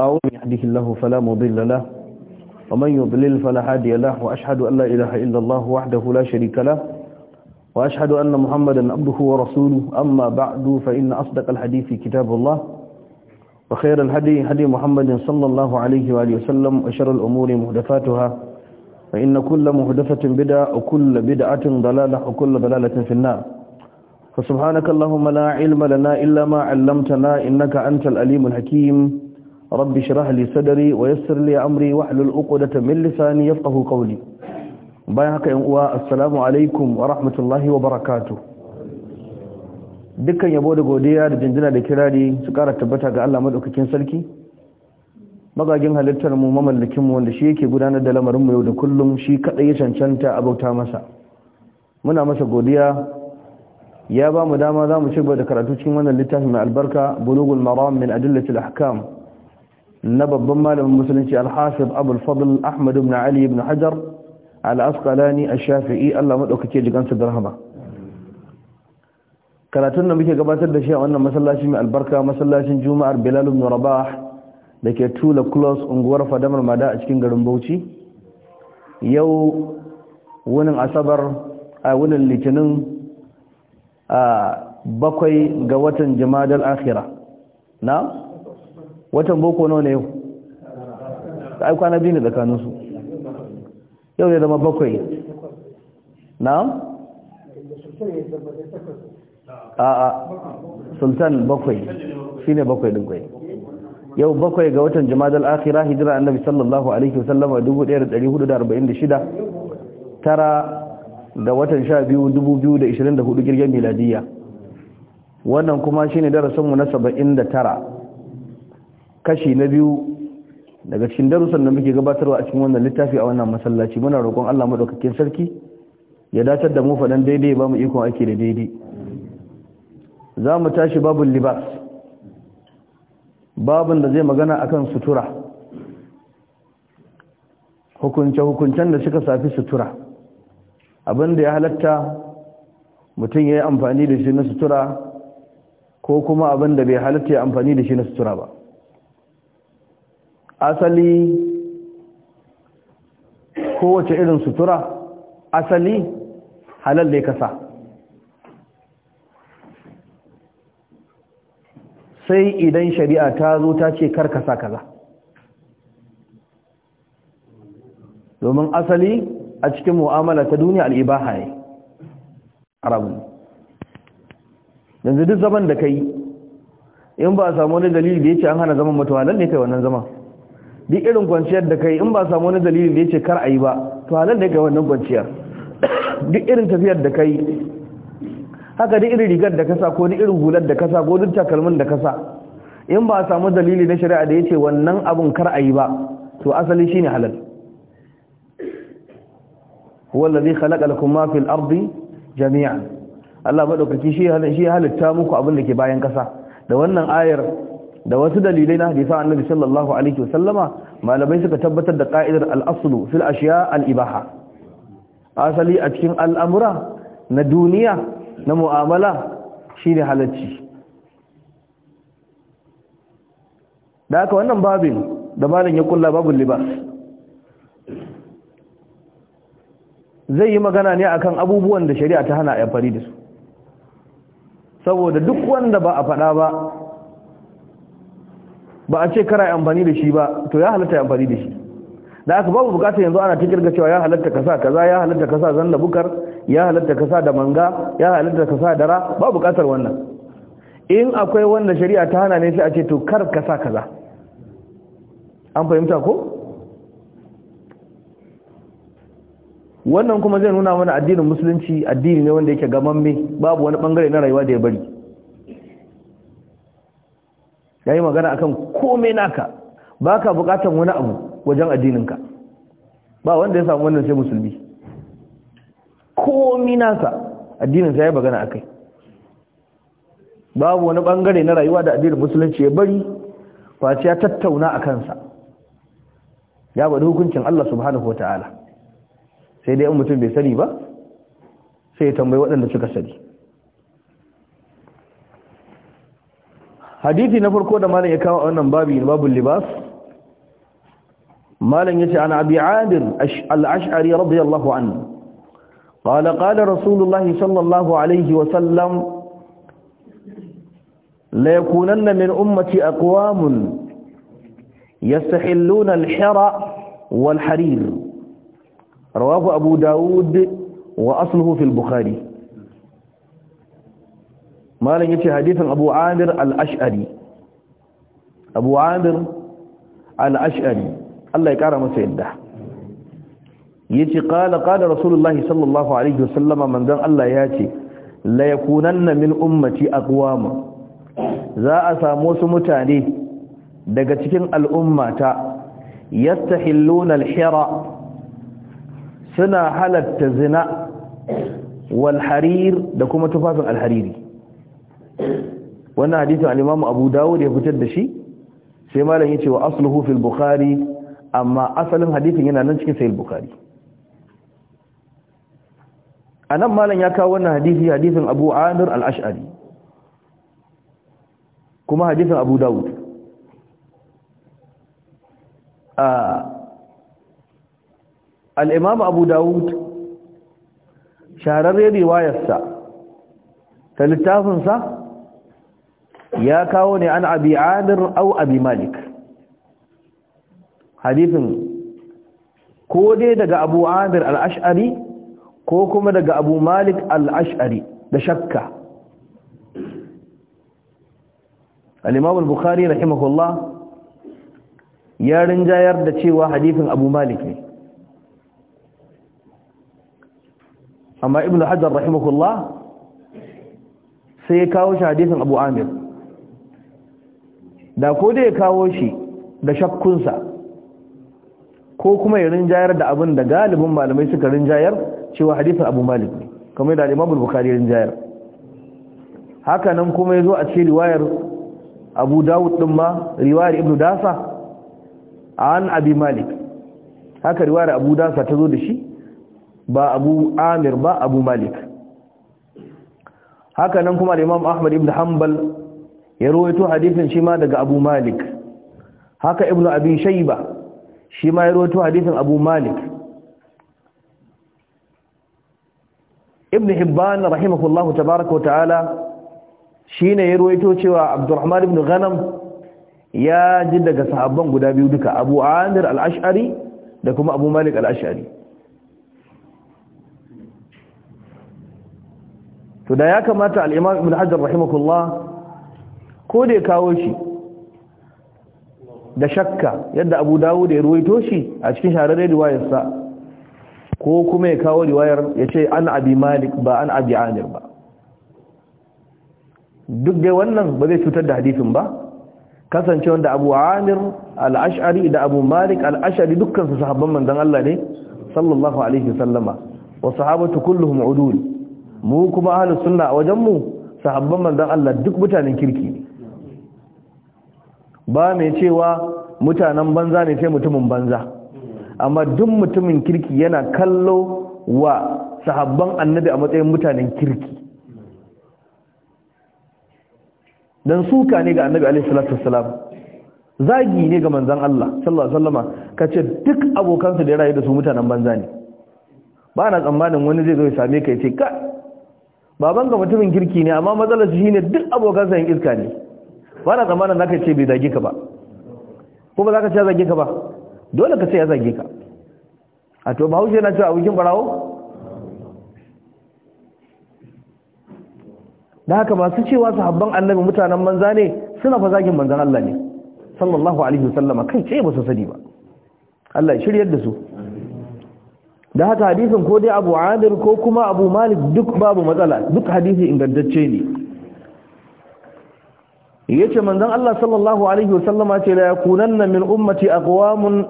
أو من الله فلا مضل له ومن يضلل فلا هادي له وأشهد أن لا إله إلا الله وحده لا شريك له وأشهد أن محمدا عبده ورسوله أما بعد فإن أصدق الحديث كتاب الله وخير الهدي هدي محمد صلى الله عليه وآله وسلم وشر الأمور مهدفاتها فإن كل مهدفة بدأ وكل بدعة ضلالة وكل ضلالة في النار فسبحانك اللهم لا علم لنا إلا ما علمتنا إنك أنت الأليم الحكيم رب اشرح لي صدري ويسر لي أمري واحلل عقدة من لساني يفقه قولي uwa, يا السلام عليكم ورحمة الله وبركاته dukkan yabo da godiya da jinjina da kirari su kara tabbata ga Allah madaukakin sarki magagin halittar mu mamallakin mu wanda shi yake gudanar da lamarin mu yau da kullum shi kadai ya cancanta abauta masa muna masa godiya ya ba mu dama za mu ci gaba da karatu cikin wannan littafi mai albarka bulugul maram min adillatil ahkam na babban malamin musulunci al-hasib abul fadl ahmad ibn ali ibn hajar al-asqalani ash-shafi'i Allah madaukake jigansa da rahama karatun da muke gabatar da shi a wannan masallaci mai albarka masallacin juma'ar bilal ibn rabah dake tula close unguwar fadamar mada a cikin garin bauchi yau wunin asabar a wunin litinin bakwai ga watan jimadar akhira na watan boko nawa ne yau aiki kwana biyu ne tsakaninsu yau ya zama bakwai na a'a sultan bakwai shine bakwai din yau bakwai ga watan jimadar akhira hijira annabi sallallahu alaihi wasallama 1446 tara Da watan 12 2024 girgin miladiya wannan kuma shine darasinmu na 79 kashi na biyu daga cikin darussan da muke gabatarwa a cikin wannan littafi a wannan masallaci muna roƙon Allah madaukakin sarki ya dacar da mu faɗan daidai ba mu ikon ake da daidai za mu tashi babu libas babin da zai magana akan sutura hukunce-hukuncen da suka safi sutura abin da ya halatta mutum ya yi amfani da shi na sutura ko kuma abin da bai halatta ya amfani da shi na sutura ba asali kowace irin sutura asali halal ne kasa sai idan shari'a ta zo ta ce kar karkasa kaza domin asali a cikin mu'amala ta duniya al'ibaha ne haramun yanzu duk zaman da kai in ba a samu wani dalili da ya ce an hana zaman mutu halal ne kai wannan zama duk irin kwanciyar da kai in ba a samu wani dalili da ya ce kar a yi ba to halal ne kai wannan kwanciyar duk irin tafiyar da kai haka duk irin rigar da kasa ko duk irin hular da kasa ko duk takalmin da kasa in ba a samu dalili na shari'a da ya ce wannan abun kar a yi ba to asali shine halal huwa allazi khalaqa lakum ma fil ardi jami'an Allah madaukaki shi shi halitta muku abin da ke bayan kasa da wannan ayar da wasu dalilai na hadisa annabi sallallahu alaihi wasallama malamai suka tabbatar da ƙa'idar al-aslu fil ashiya al-ibaha asali a cikin al'amura na duniya na mu'amala shine halacci da haka wannan babin da malam ya kulla babul libas zai yi magana ne akan abubuwan da shari'a ta hana amfani da su saboda duk wanda ba a faɗa ba ba a ce kara amfani da shi ba to ya halatta amfani da shi da aka babu bukatar yanzu ana cikin ga cewa ya halatta kasa kaza ya halatta kasa zanna bukar ya halatta kasa da manga ya halatta kasa da ra babu bukatar wannan in akwai wanda shari'a ta hana ne sai a ce to kar kasa kaza an fahimta ko wannan kuma zai nuna mana addinin musulunci addini ne wanda yake gamamme babu wani bangare na rayuwa da ya bari ya yi magana akan kome naka ba ka bukatan wani abu wajen addininka ba wanda ya samu wannan sai musulmi komai naka addinin addininsa ya yi magana akai babu wani bangare na rayuwa da addinin musulunci ya bari face ya tattauna a kansa ya bada hukuncin Allah subhanahu wa ta'ala sai dai mutum bai sani ba sai ya tambayi waɗanda suka sani hadisi na farko da malam ya kawo a wannan babu babul libas malam yace ana abi adil al-ash'ari radiyallahu anhu qala qala rasulullah sallallahu alaihi wa sallam la yakunanna min ummati aqwamun yastahilluna al-hira wal-harir rawahu abu daud wa asluhu fil bukhari malam yace hadithan abu amir al-ash'ari abu al-ash'ari Allah ya kara masa yadda yace qala qala rasulullahi sallallahu alaihi wasallama manzon Allah yace la yakunanna min ummati aqwama za a samu wasu mutane daga cikin al'ummata yastahilluna al-hira suna halatta zina wal harir da kuma tufafin alhariri wannan hadithin al-Imam Abu Dawud ya fitar da shi sai malam ya ce wa asluhu fil Bukhari amma asalin hadisin yana nan cikin sahih Bukhari anan malam ya kawo wannan hadisi hadisin Abu Amir al-Ash'ari kuma hadisin Abu Dawud a ah, al'imam abu dawud shahararren riwayarsa ta littafinsa ya kawo ne an abi amir au abi malik hadithin ko dai daga abu amir al'ash'ari ko kuma daga abu malik al'ash'ari da shakka al'imam al-bukhari rahimahullah ya rinjayar da cewa hadithin abu malik ne amma ibnu hajar rahimahullah sai ya kawo shi hadisin abu amir da ko da ya kawo shi da shakkunsa ko kuma ya rinjayar da abin da galibin malamai suka rinjayar cewa hadisin abu malik ne kamar da imam bukari rinjayar haka nan kuma ya zo a ce riwayar abu dawud din ma riwayar ibnu dasa an abi malik haka riwayar abu dasa ta zo da shi ba abu amir ba abu malik haka nan kuma da imam ahmad ibn hanbal ya rawaito hadisin shi ma daga abu malik haka ibn abi shayba shi ma ya rawaito hadisin abu malik ibn hibban rahimahullahu tabaaraka wa ta'ala shine ya rawaito cewa abdurrahman ibn ghanam ya ji daga sahabban guda biyu duka abu amir al-ash'ari da kuma abu malik al-ash'ari to da ya kamata al ibn hajar rahimahullah ko da ya kawo shi da shakka yadda abu dawud ya ruwaito shi a cikin shahararren riwayarsa ko kuma ya kawo riwayar ya ce an abi malik ba an abi amir ba duk dai wannan ba zai cutar da hadifin ba kasance da abu amir al da abu malik al-ash'ari dukkan su sahabban manzan Allah ne sallallahu alaihi wasallama wa sahabatu kulluhum uduli mu kuma ahlus sunna a wajen mu sahabban manzon Allah duk mutanen kirki ne ba mai cewa mutanen banza ne sai mutumin banza amma duk mutumin kirki yana kallo wa sahabban annabi a matsayin mutanen kirki dan suka ne ga annabi alaihi salatu wassalam zagi ne ga manzon Allah sallallahu alaihi wasallam kace duk abokansa da ya rayu da su mutanen banza ne ba na tsammanin wani zai zo ya same ka ya ce ka baban ga mutumin kirki ne amma matsalar shi shine duk abokan yin iska ne ba na zamanin zaka ce bai zage ka ba ko ba zaka ce ya zage ka ba dole ka ce ya zage ka a to bahaushe na cewa abokin barawo da haka masu cewa sahabban annabi mutanen manza ne suna fa zagin manzan Allah ne sallallahu alaihi wasallama kai ce ba su sani ba Allah ya shiryar da su da haka hadisin ko dai abu amir ko kuma abu malik duk babu matsala duk hadisi ingantacce ne yace manzon Allah sallallahu alaihi wasallama ce kunan na min ummati kowamun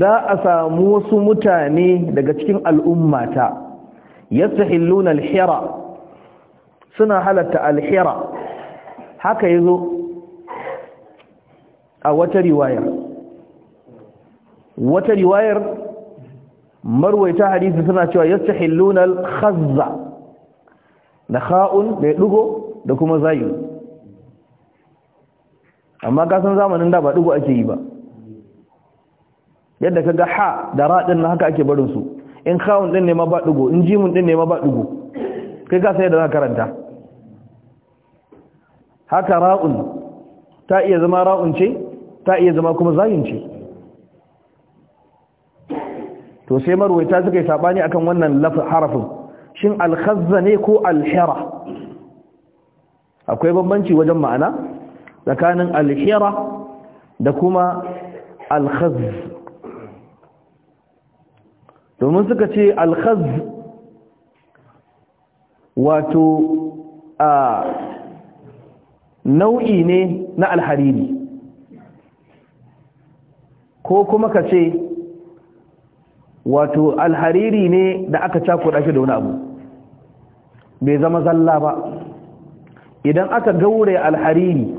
za a samu wasu mutane daga cikin al'ummata yastahilluna al alhira suna halatta alhira haka ya zo a wata riwayar wata riwayar marwaita hadisi suna cewa yastahilluna al-khazza da kha'un da dugo da kuma zayu amma ka san zamanin da ba dugo ake yi ba yadda kaga ha da ra din haka ake barin su in kha'un din ne ma ba dugo in jimun din ne ma ba dugo kai ka sai da za karanta haka ra'un ta iya zama ra'un ce ta iya zama kuma zayun ce to sai marwaita suka yi sabani akan wannan harafin shin alkhazza ne ko alhira akwai bambanci wajen ma'ana tsakanin alhira da kuma alkhaz domin suka ce alkhaz wato a nau'i ne na alhariri ko kuma ka ce wato alhariri ne da aka cakuɗa shi da wani abu bai zama zalla ba idan aka gaure alhariri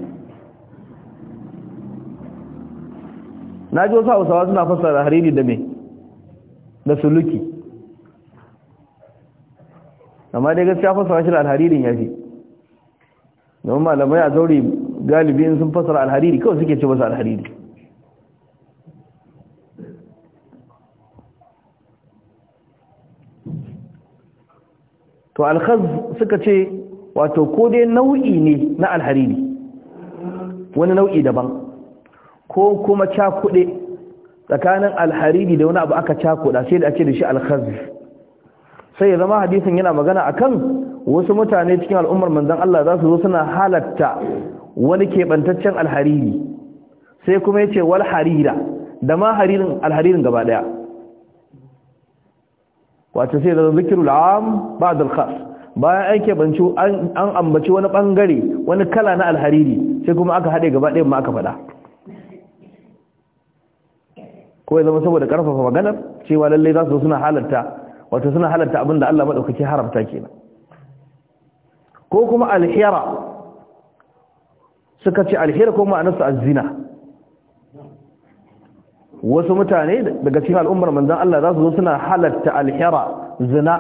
na ji wasu hausawa suna fassara alhariri da me da suluki amma dai gaskiya fasa shi da alharirin ya fi domin malamai a zaure galibi sun fasa alhariri kawai suke ce masa alhariri to alkhaz suka ce wato ko dai nau'i ne na alhariri wani nau'i daban ko kuma cakuɗe tsakanin alhariri da wani abu aka cakuɗa sai da ake da shi alkhaz sai ya zama hadisin yana magana akan wasu mutane cikin al'ummar manzon Allah za su zo suna halatta wani keɓantaccen alhariri sai kuma ya ce wal harira da ma haririn alharirin gaba ɗaya wato sai da zikirul am ba'dal khas bayan an kebanci an ambaci wani bangare wani kala na alhariri sai kuma aka hade gaba ɗayan ma aka faɗa ko ya zama saboda karfafa maganar cewa lalle za su suna halarta wato suna halarta abin da Allah madaukaki haramta kenan ko kuma alhira suka ce alhira ko ma'anarsa az-zina wasu mutane daga cikin al'ummar manzan Allah za su zo suna halatta alhira zina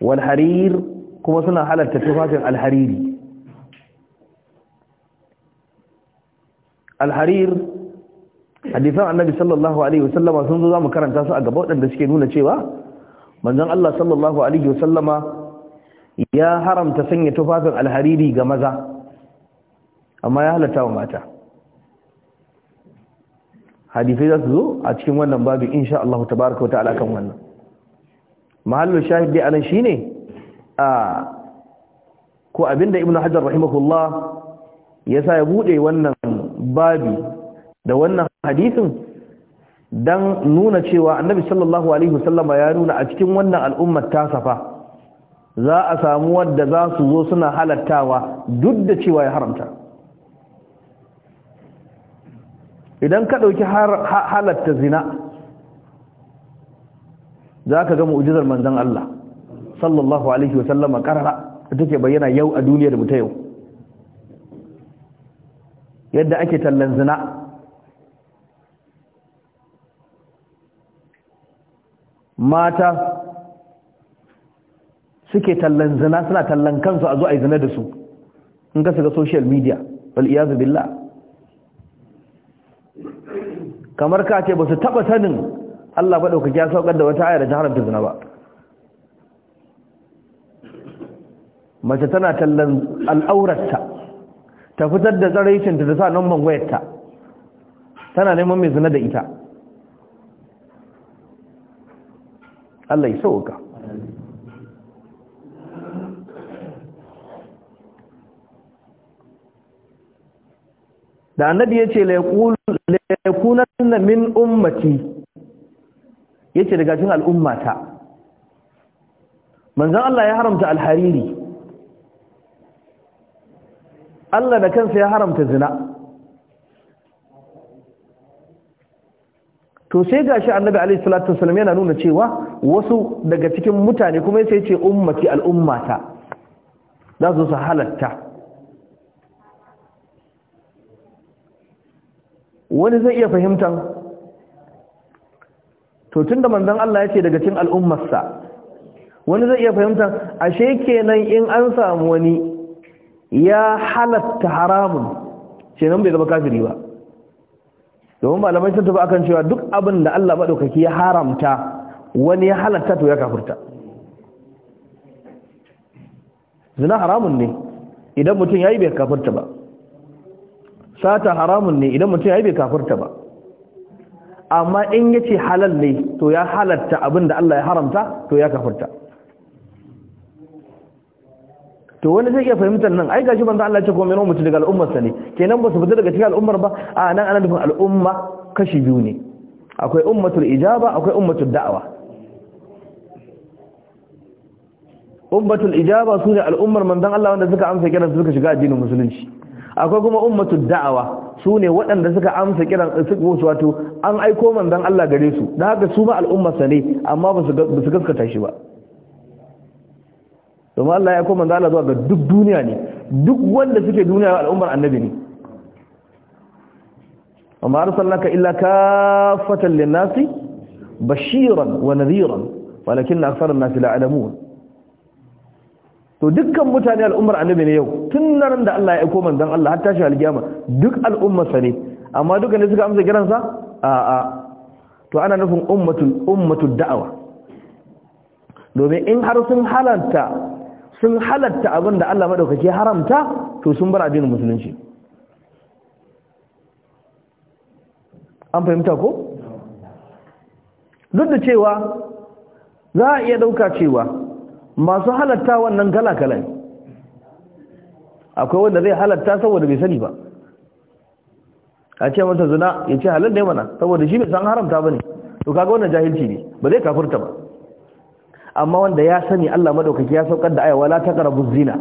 walharir kuma suna halatta tufafin alhariri alharir hadisan annabi sallallahu alaihi wasallama sun zo za mu karanta su a gaba waɗanda suke nuna cewa manzan Allah sallallahu alaihi wasallama ya haramta sanya tufafin alhariri ga maza amma ya halatta wa mata hadisai za su zo a cikin wannan babu insha Allah tabaraka wa ta'ala kan wannan mahallu shahid dai anan shine a ko abinda ibnu hajar rahimahullah yasa ya bude wannan babi da wannan hadisin dan nuna cewa annabi sallallahu alaihi wasallama ya nuna a cikin wannan al'ummar ta safa za a samu wadda za su zo suna halattawa duk da cewa ya haramta idan ka ɗauki halatta zina za ka gama ujizar manzan Allah sallallahu alaihi wasallam a ƙarara da take bayyana yau a duniyar mu ta yau yadda ake tallan zina mata suke tallan zina suna tallan kansu a zo a yi zina da su in ka shiga social media wal iyazu kamar ka ce ba su taba sanin Allah maɗaukaki ya saukar da wata ayar da ta haramta zina ba mace tana tallan al'aurarta ta fitar da tsaraicinta ta sa nan wayarta tana neman mai zina da ita Allah yi sauka da annabi yace la na min ummati yace daga cikin al'ummata manzan Allah ya haramta alhariri Allah da kansa ya haramta zina to sai gashi annabi alaihi salatu wasallam yana nuna cewa wasu daga cikin mutane kuma sai ce ummati al'ummata za su halatta wani zai iya fahimtan to tunda manzon Allah ya ce daga cikin al'ummarsa wani zai iya fahimtan ashe kenan in an samu wani ya halatta haramun kenan bai zama kafiri ba domin malamai sun tafi akan cewa duk abin da Allah maɗaukaki ya haramta wani ya halatta to ya kafirta zina haramun ne idan mutum yayi bai kafirta ba sata haramun ne idan mutum ya yi bai kafurta ba amma in ya ce halal ne to ya halatta abin da Allah ya haramta to ya kafurta to wani zai iya fahimtar nan ai gashi banza Allah ya ce kuma yana mutu daga al'ummarsa ne kenan ba su fita daga cikin al'ummar ba a nan ana nufin al'umma kashi biyu ne akwai ummatul ijaba akwai ummatul da'awa ummatul ijaba su ne al'ummar manzon Allah wanda suka amsa kiran suka shiga addinin musulunci akwai kuma ummatu da'awa su ne waɗanda suka amsa kiran su wato an aiko manzon Allah gare su da haka su ma al'ummarsa ne amma ba su gaskata shi ba domin Allah ya aiko manzon Allah zuwa ga duk duniya ne duk wanda suke duniya al'ummar annabi ne amma arsalnaka illa kafatan lin-nasi bashiran wa nadhiran walakin aktharun nasi la to dukkan mutane al'ummar annabi ne yau tun nan da Allah ya aiko manzon Allah har tashi alkiyama duk al'umma sane amma duka ne suka amsa kiransa a a to ana nufin ummatul ummatud da'awa domin in har sun halanta sun halatta abin da Allah madaukake haramta to sun bar addinin musulunci an fahimta ko duk da cewa za a iya dauka cewa masu halatta wannan kala-kala ne akwai wanda zai halatta saboda bai sani ba a ce masa zina ya ce halar ne mana saboda shi bai san haramta ba ne to kaga wannan jahilci ne ba zai kafurta ba amma wanda ya sani Allah madaukaki ya saukar da ayawa la taqrabu zina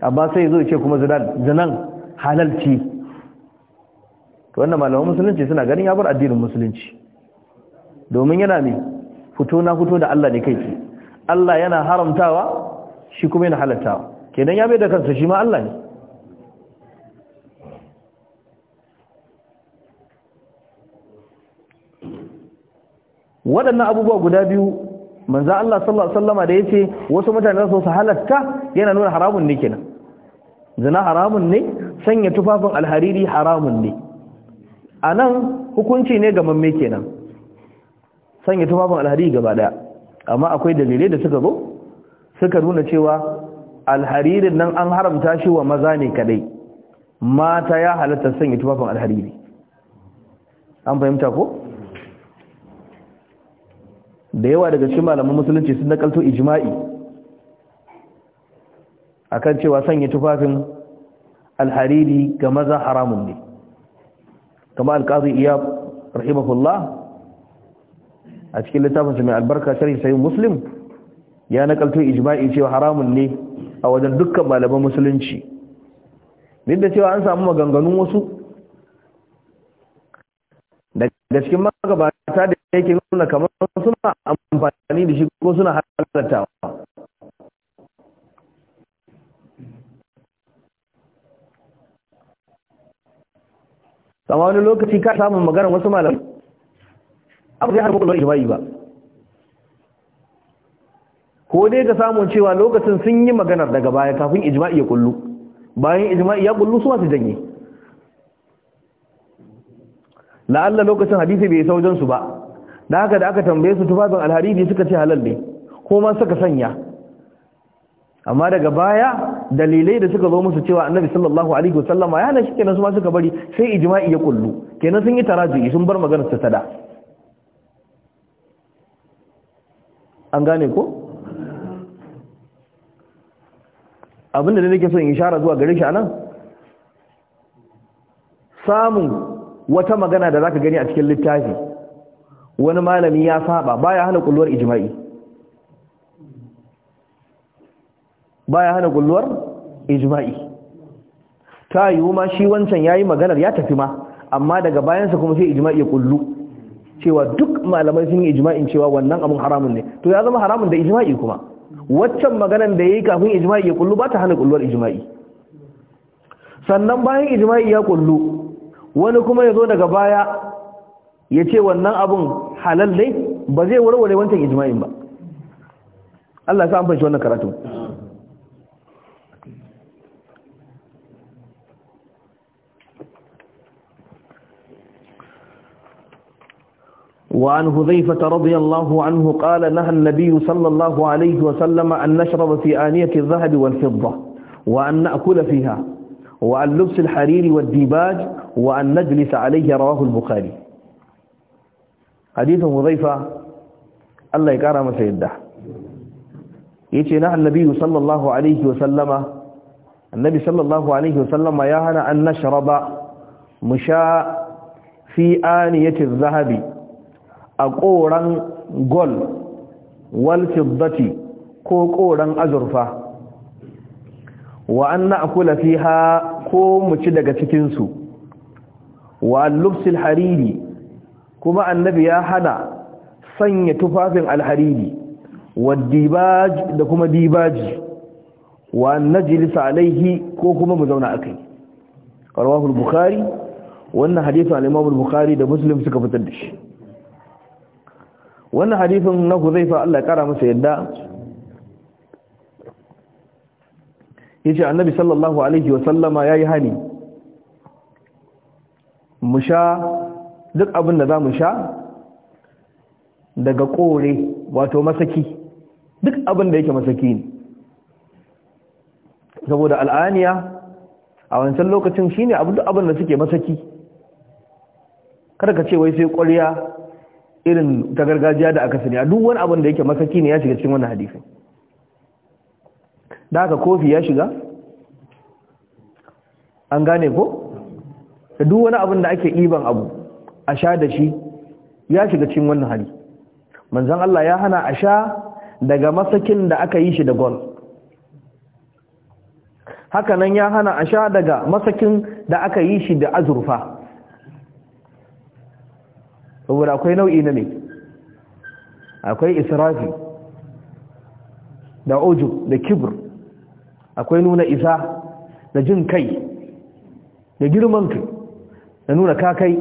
amma sai zo ce kuma zinan zinan halalci to wannan malaman musulunci suna ganin ya bar addinin musulunci domin yana ne fito na fito da Allah ne kai Allah yana haramtawa shi kuma yana halattawa kenan ya bai da kansa shi ma Allah ne waɗannan abubuwa guda biyu manzo Allah sallallahu alaihi wasallama da yace wasu mutane za su halatta yana nuna haramun ne kenan zina haramun ne sanya tufafin alhariri haramun ne anan hukunci ne ga mamme kenan sanya tufafin alhari gaba daya amma akwai dalilai da suka zo suka nuna cewa alharirin nan an haramta shi wa maza ne kadai mata ya halatta sanya tufafin alhariri an fahimta ko da yawa daga cikin malaman musulunci sun nakalto ijma'i akan cewa sanya tufafin alhariri ga maza haramun ne kama alqazi iyab rahimahullah a cikin littafin mai albarka sharhi sai muslim ya nakalto ijma'i cewa haramun ne a wajen dukkan malaman musulunci duk da cewa an samu maganganun wasu Da cikin magabata da yake nuna kamar suna amfani da shi ko suna halattawa sama wani lokaci ka samun maganar wasu malamai abu zai harfi kulwar ijma'i ba ko dai ka samun cewa lokacin sun yi maganar daga baya kafin ijma'i ya kullu bayan ijma'i ya kullu su masu janye la'alla lokacin hadisi bai isa su ba da haka da aka tambaye su tufafin alhariri suka ce halal ne ko ma suka sanya amma daga baya dalilai da suka zo musu cewa annabi sallallahu alaihi wasallama ya hana shi kenan su ma suka bari sai ijma'i ya kullu kenan sun yi taraji sun bar maganar ta tada an gane ko abinda da nake so in shara zuwa gare shi anan samun wata magana da zaka gani a cikin littafi wani malami ya saba baya hana kulluwar ijma'i baya hana kulluwar ijma'i ta yiwu ma shi wancan yayi maganar ya tafi ma amma daga bayansa kuma sai ijma'i ya kullu cewa duk malamai sun yi ijma'in cewa wannan abun haramun ne to ya zama haramun da ijma'i kuma waccan maganan da yayi kafin ijma'i ya kullu ba ta hana kulluwar ijma'i sannan bayan ijma'i ya kullu wani kuma ya zo daga baya ya ce wannan abun halal ne ba zai warware wancan ijma'in ba Allah ya sa an fahimci wannan karatu وعن هذيفة رضي الله عنه قال نهى النبي صلى الله عليه وسلم أن نشرب في آنية الذهب والفضة وأن نأكل فيها وأن لبس الحرير والديباج وأن نجلس عليه رواه البخاري حديث هذيفة الله يكرم سيده يتي نهى النبي صلى الله عليه وسلم النبي صلى الله عليه وسلم يا أن نشرب مشاء في آنية الذهب adh a koran gol wal fiddati ko koran azurfa wa an na'kula fiha ko mu ci daga cikin su wa lubsil hariri kuma annabi ya hana sanya tufafin alhariri wa da kuma dibaji wa najlisa alaihi ko kuma mu zauna akai rawahu al-bukhari wannan hadisi al-imam al-bukhari da muslim suka fitar da shi wannan hadithin na huzaifa Allah ya kara masa yadda yace annabi sallallahu alaihi wa sallama yayi hani mu sha duk abin da zamu sha daga kore wato masaki duk abin da yake masaki ne saboda al'aniya a wancan lokacin shine abin da suke masaki kada ka ce wai sai ƙwarya irin ta gargajiya da aka sani a duk wani abin da yake masaki ne ya shiga cikin wannan hadisin da aka kofi ya shiga an gane ko da duk wani abin da ake iban abu a sha da shi ya shiga cikin wannan hali manzon Allah ya hana a sha daga masakin da aka yi shi da gol haka nan ya hana a sha daga masakin da aka yi shi da azurfa saboda akwai nau'i na ne akwai israfi da oju da kibir akwai nuna isa da jin kai da girman kai da nuna kakai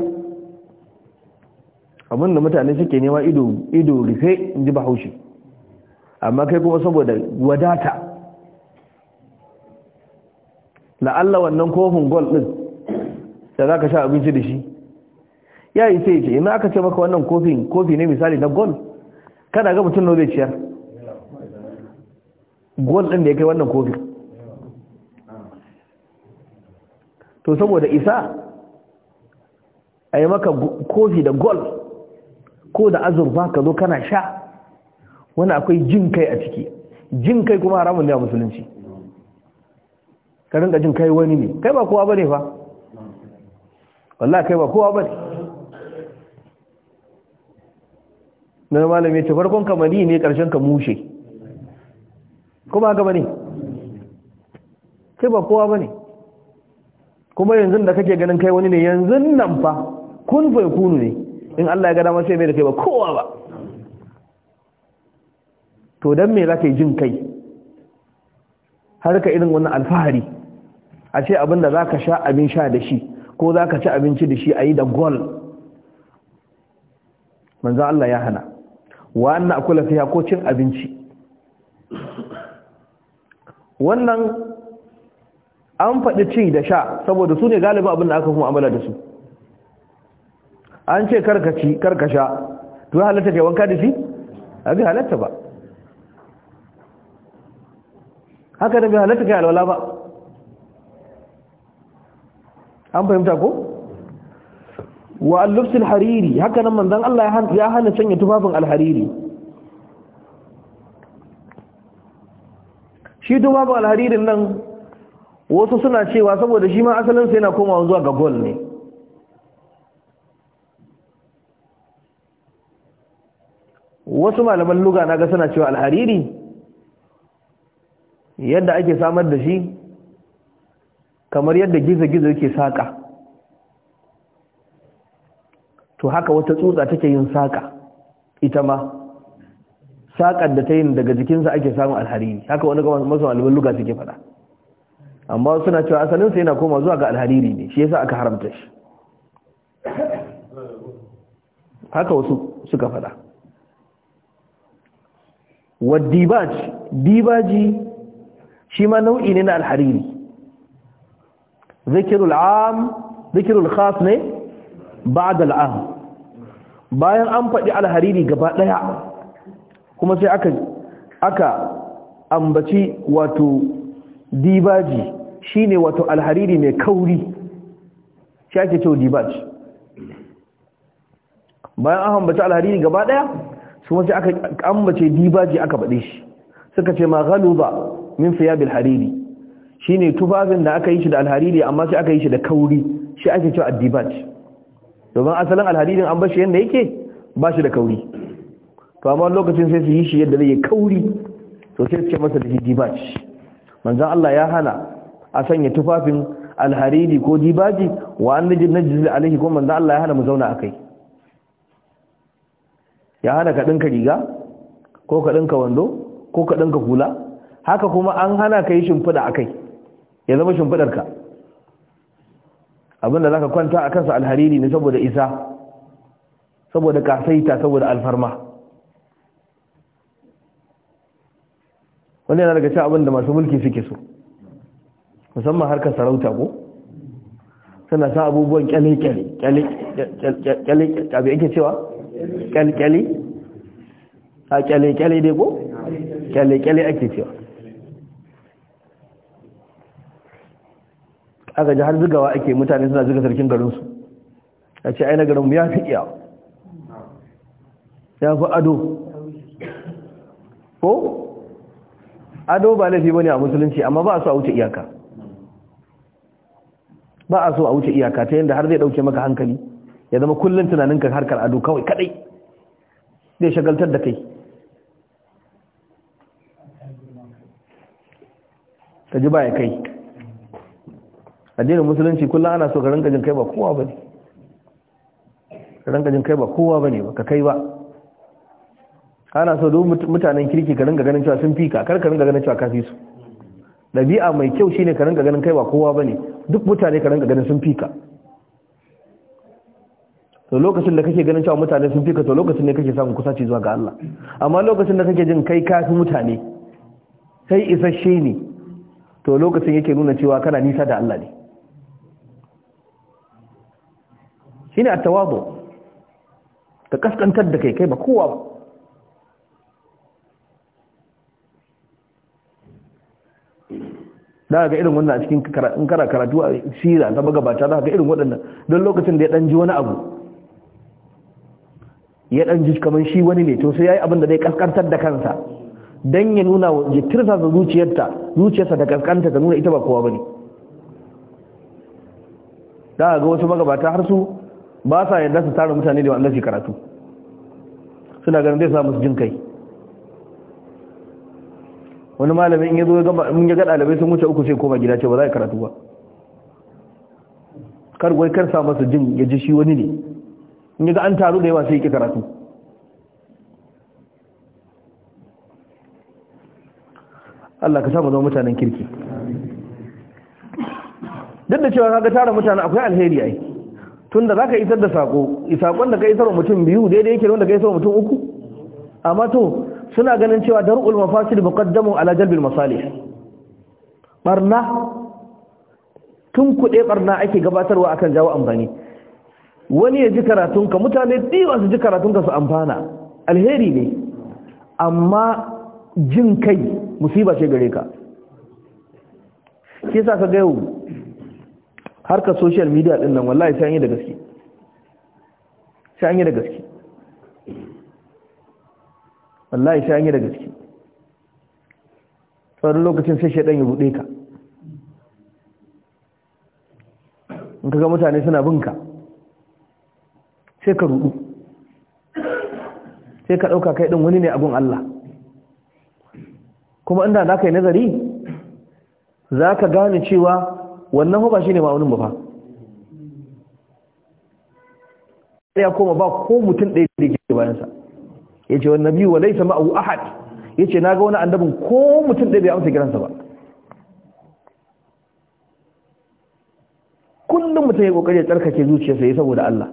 abin da mutane suke nema ido rufe in ji bahaushe amma kai kuma saboda wadata la'alla wannan kofin gwal din da za ka sha abinci da shi ya yi sai ce ina aka ce maka wannan kofi ne misali na gol kada ga mutum nobe ciyar gol din da ya kai wannan kofi to saboda isa a yi maka kofi da gol ko da azurfa ka zo kana sha wani akwai jin kai a ciki jin kai kuma haramun ne a musulunci ka rinka jin kai wani ne kai ba kowa bane fa wallahi kai ba kowa bane na malam ya ce farkon ka ne karshen ka mushe kuma haka bane sai ba kowa bane kuma yanzu da kake ganin kai wani ne yanzu nan fa kun kunu ne in Allah ya ga dama sai mai da kai ba kowa ba to don me zaka yi jin kai har ka irin wani alfahari a ce abin da zaka sha abin sha da shi ko zaka ci abinci da shi ayi da gol manzo Allah ya hana wa anna akula fiha ko cin abinci wannan an faɗi ci da sha saboda su ne galiba abin da aka fi mu'amala da su an ce karkaci karkasha to halatta ke wanka da shi a bi halatta ba haka da bi halatta ke alwala ba an fahimta ko wa al hariri haka nan manzon Allah ya hana sanya tufafin alhariri shi tufafin alharirin nan wasu suna cewa saboda shi ma asalin sa yana komawa zuwa ga gol ne wasu malaman luga na ga suna cewa alhariri yadda ake samar da shi kamar yadda gizo-gizo yake saƙa to haka wata tsutsa take yin saka ita ma sakar da ta yin daga jikinsa ake samun alhariri haka wani gaban masu alban suke fada amma suna cewa asalinsa yana koma zuwa ga alhariri ne shi yasa aka haramta shi haka wasu suka fada waddibaj dibaji shi ma nau'i ne na alhariri zikirul am zikirul khas ne ba'da al'am bayan an faɗi alhariri gaba ɗaya kuma sai aka aka ambaci wato dibaji shine wato alhariri mai kauri shi ake cewa dibaji bayan an ambaci alhariri gaba ɗaya kuma sai aka ambace dibaji aka bade shi suka ce ma galuba min fiyabil hariri shine tufafin da aka yi shi da alhariri amma sai aka yi shi da kauri shi ake cewa addibaj domin asalin alhadidin an bashi yadda yake ba shi da kauri to amma lokacin sai su yi shi yadda zai kauri to sai su ce masa da shi dibaji manzan Allah ya hana a sanya tufafin alhariri ko dibaji wa an najin jizil alaihi ko manzan Allah ya hana mu zauna a kai ya hana ka ɗinka riga ko ka ɗinka wando ko ka ɗinka hula haka kuma an hana ka yi shimfiɗa a kai ya zama shimfiɗarka abinda zaka kwanta a kansa alhariri ne saboda isa saboda kasaita saboda alfarma wanda yana daga cin abinda masu mulki suke so musamman harkar sarauta ko suna sa abubuwan kyale-kyale kyale-kyale ake cewa kyale-kyale a kyale-kyale dai ko kyale-kyale ake cewa aka ji har zugawa ake mutane suna zuga sarkin garinsu a ce aina garinmu ya fi iya ya fi ado ko ado ba laifi bane a musulunci amma ba a so a wuce iyaka ba a so a wuce iyaka ta yadda har zai dauke maka hankali ya zama kullun ka harkar ado kawai kadai zai shagaltar da kai ka ji ba ya kai addinin musulunci kullum ana so ka rinka jin kai ba kowa bane ka rinka jin kai ba kowa bane ba ka kai ba ana so duk mutanen kirki ka rinka ganin cewa sun fika kar ka rinka ganin cewa kafi su dabi'a mai kyau shine ka rinka ganin kai ba kowa bane duk mutane ka rinka ganin sun fika to lokacin da kake ganin cewa mutane sun fika to lokacin ne kake samun kusaci zuwa ga Allah amma lokacin da kake jin kai kafi mutane sai isasshe ne to lokacin yake nuna cewa kana nisa da Allah ne shine at-tawadu ka kaskantar da kai kai ba kowa ba da ga irin wannan a cikin in kara karatu a sira ta magabata da ga irin waɗannan don lokacin da ya ɗan ji wani abu ya ɗan ji kamar shi wani ne to sai ya yi abin da zai kaskantar da kansa don ya nuna ya tirsa sa zuciyarta zuciyarsa da kaskanta ta nuna ita ba kowa ba ne da ga wasu magabata har su ba sa yadda su tara mutane da wanda su karatu suna ganin zai samu su jin kai wani malamin ya zo ya ga dalibai sun wuce uku sai koma gida ce ba za a karatu ba kar wai kar sa masa jin ya ji shi wani ne in ya ga an taru da yawa sai ya ki karatu Allah ka samu zama mutanen kirki duk da cewa ga tara mutane akwai alheri ai tunda za ka isar da saƙo saƙon da ka isar mutum biyu daidai yake wanda ka isar mutum uku amma to suna ganin cewa dar'ul mafasid muqaddamu ala jalbil masalih barna tun kuɗe barna ake gabatarwa akan jawo amfani wani ya ji karatunka mutane diwa su ji ka su amfana alheri ne amma jin kai musiba ce gare ka ke ka ga yau harkar social media din nan wallahi sai an yi da gaske sai an yi da gaske wallahi sai an yi da gaske sauran lokacin sai shaidan ya bude ka in kaga mutane suna binka sai ka rudu sai ka dauka kai din wani ne abun Allah kuma inda za ka yi nazari za ka gane cewa wannan ba ne ma'aunin ba fa ya koma ba ko mutum ɗaya da ke bayan sa ce wannan biyu wa sama Abu ahad ya ce na ga wani annabin ko mutum ɗaya bai amsa kiransa ba kullum mutum ya kokari ya tsarkake zuciyarsa ya saboda Allah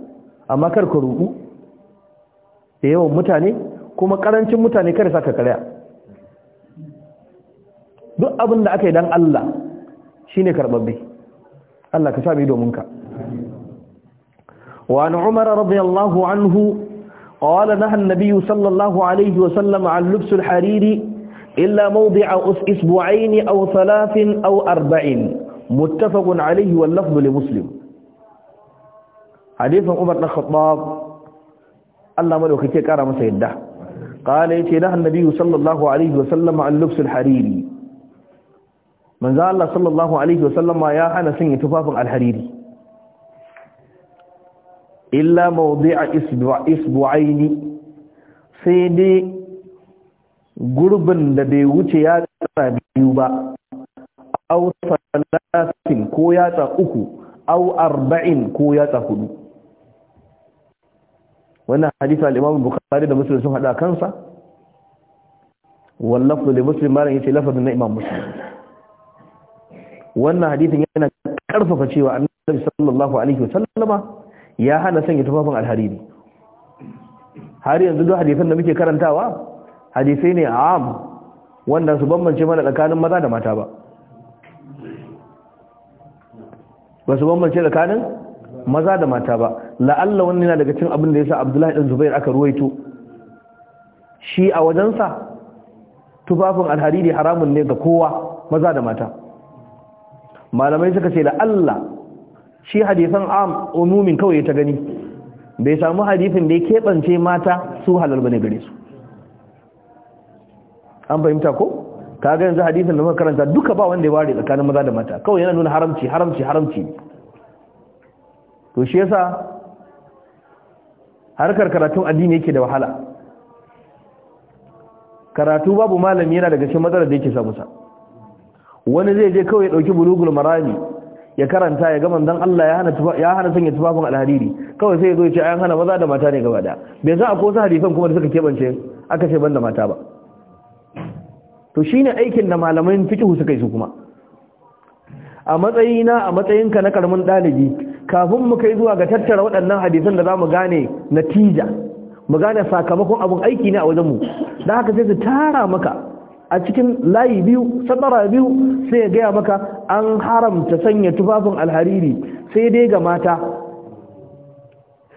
amma kar ka ruɗu da yawan mutane kuma ƙarancin mutane sa ka karya duk abin da aka yi dan Allah shine karbabbe Allah ka sami domin ka wa an umar radiyallahu anhu qala nahana an-nabiy sallallahu alayhi wa sallam an lubs al-hariri illa mawdi'a isbu'ayn aw thalath aw arba'in muttafaq alayhi wal lafz li muslim hadithan umar bin khattab Allah madaukake kara masa yadda qala yace nahana an-nabiy sallallahu alayhi wa sallam an lubs al-hariri manzo Allah sallallahu alaihi wasallama ya hana sanya tufafin alhariri illa mawdi'a isbu'aini sai dai gurbin da bai wuce ya tsara biyu ba aw salatin ko yatsa uku aw arba'in ko yatsa hudu wannan hadisi al-Imam Bukhari da Muslim sun hada kansa wallafzu li Muslim malam yace lafazin na Imam Muslim wannan hadisin yana karfafa cewa annabi sallallahu alaihi wasallama ya hana sanya tufafin alhariri har yanzu duk hadisan da muke karantawa hadisai ne am wanda su bambance mana tsakanin maza da mata ba ba su bambance tsakanin maza da mata ba la'alla wannan yana daga cin abin da yasa Abdullahi dan Zubair aka ruwaito shi a wajensa tufafin alhariri haramun ne ga kowa maza da mata malamai suka ce da Allah shi hadisan am umumin kawai ta gani bai samu hadisin da ya kebance mata su halal bane gare su an fahimta ko kaga yanzu hadisin da muka karanta duka ba wanda ya ware tsakanin maza da mata kawai yana nuna haramci haramci haramci to shi yasa harkar karatun addini yake da wahala karatu babu malami yana daga cikin matsalar da yake samu sa wani zai je kawai ya dauki bulugul marami ya karanta ya ga manzon Allah ya hana ya hana sanya tufafin alhariri kawai sai ya zo ya ce ayan hana maza da mata ne gaba da bai za a ko hadisan kuma da suka kebance aka ce banda mata ba to shine aikin da malaman fiqh suka yi su kuma a matsayina a matsayin ka na karamin dalibi kafin mu kai zuwa ga tattara waɗannan hadisan da za mu gane natija mu gane sakamakon abun aiki ne a wajen mu dan haka sai su tara maka a cikin layi biyu satara biyu sai ya gaya maka an haramta sanya tufafin alhariri sai dai ga mata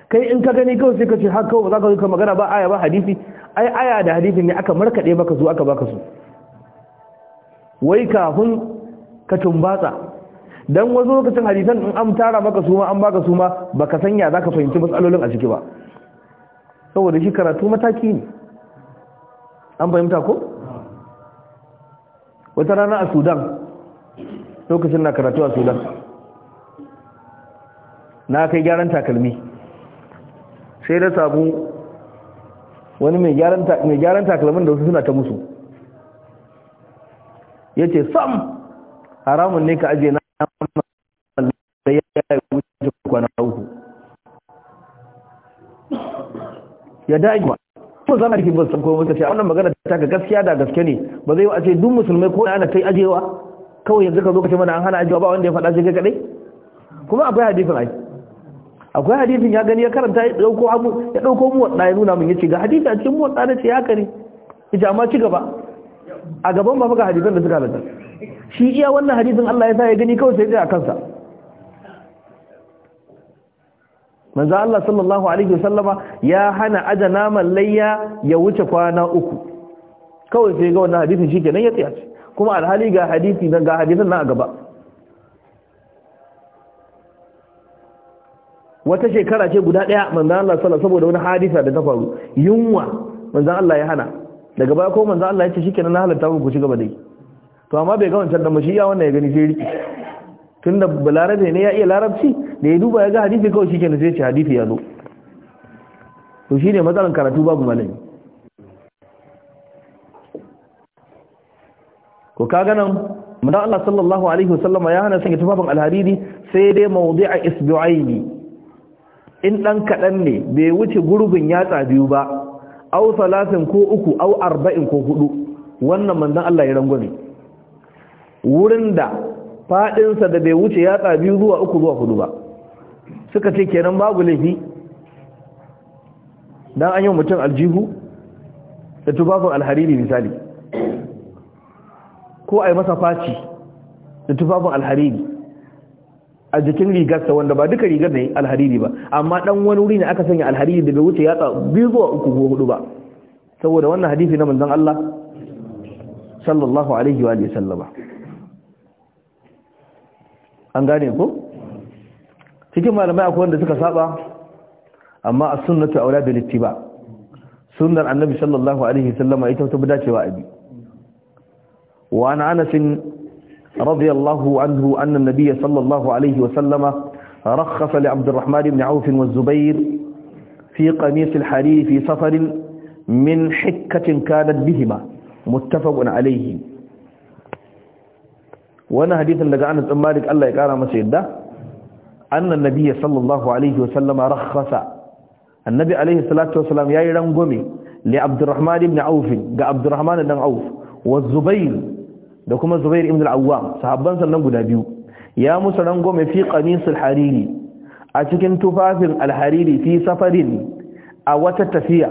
kai in ka gani kawai sai ka ce har ba za ka zuka magana ba aya ba hadisi ai aya da hadisi ne aka markaɗe maka su aka baka su wai kafin ka tumbatsa dan wasu lokacin hadisan in an tara maka su ma an baka su ma baka sanya za ka fahimci matsalolin a ciki ba saboda shi karatu mataki ne an fahimta ko wata rana a sudan lokacin na karatu a sudan na kai gyaran takalmi sai da sabu wani mai gyaran takalmin da wasu suna ta musu ya ce sam haramun ne ka ajiye na da ya yi ya ko zan arki ba san ko muka ce wannan magana ta ga gaskiya da gaske ne ba zai a ce duk musulmai ko ana kai ajewa kawai yanzu ka zo ka ce mana an hana ajewa ba wanda ya faɗa shi kai kadai kuma akwai hadisin ai akwai hadisin ya gani ya karanta ya dauko abu ya dauko mu wadda ya nuna mun yace ga hadisi a cikin mu wadda ce ya kare yace amma ci gaba a gaban ba ga hadisin da suka halatta shi iya wannan hadisin Allah ya sa ya gani kawai sai a kansa manzo Allah sallallahu alaihi wasallama ya hana aja naman layya ya wuce kwana uku kawai sai ga wannan hadisin shikenan ya tsaya kuma alhali ga hadisi nan ga hadisin nan a gaba wata shekara ce guda daya manzo Allah sallallahu saboda wani hadisa da ta faru yunwa manzo Allah ya hana daga baya ko manzo Allah ya ce shikenan na halatta ku ci gaba dai to amma bai ga wancan da mashi ya wannan ya gani sai riki tunda balarabe ne ya iya larabci da ya duba ya ga hadisi kawai shi ke sai ce hadisi ya zo to shi ne matsalan karatu babu malami ko kaga nan manzo Allah sallallahu alaihi wasallam ya hana sanya tufafin alhariri sai dai mawdi'a isbu'aini in dan kadan ne bai wuce gurbin yatsa biyu ba aw salasin ko uku aw arba'in ko hudu wannan manzon Allah ya rangwane wurin da faɗinsa da bai wuce yatsa biyu zuwa uku zuwa hudu ba suka ce kenan babu laifi dan an yi mutum aljihu da tufafin alhariri misali ko a yi masa faci da tufafin alhariri a jikin rigarsa wanda ba duka rigar ne alhariri ba amma dan wani wuri ne aka sanya alhariri da bai wuce yatsa biyu zuwa uku ko hudu ba saboda wannan hadisi na manzon Allah sallallahu alaihi wa sallama an gane ko cikin malamai akwai wanda suka saba amma a sunnatu aula bil ittiba sunnar annabi sallallahu alaihi sallama ita ta bi dacewa abi wa ana anas radiyallahu anhu anna an sallallahu alaihi wa sallama رخص لعبد الرحمن بن عوف والزبير في قميص الحرير في سفر من حكة كانت بهما متفق عليه wani hadisin daga Anas bin Malik Allah ya kara masa yadda annan nabiyyi sallallahu alaihi wa sallama rakhasa annabi alaihi salatu wasalam yayi rangwame li Abdurrahman ibn Auf ga Abdurrahman Ibn Auf wa Zubair da kuma Zubair ibn al-Awwam sahabban sannan guda biyu ya musu rangwame fi qamisul hariri a cikin tufafin al-hariri fi safarin a wata tafiya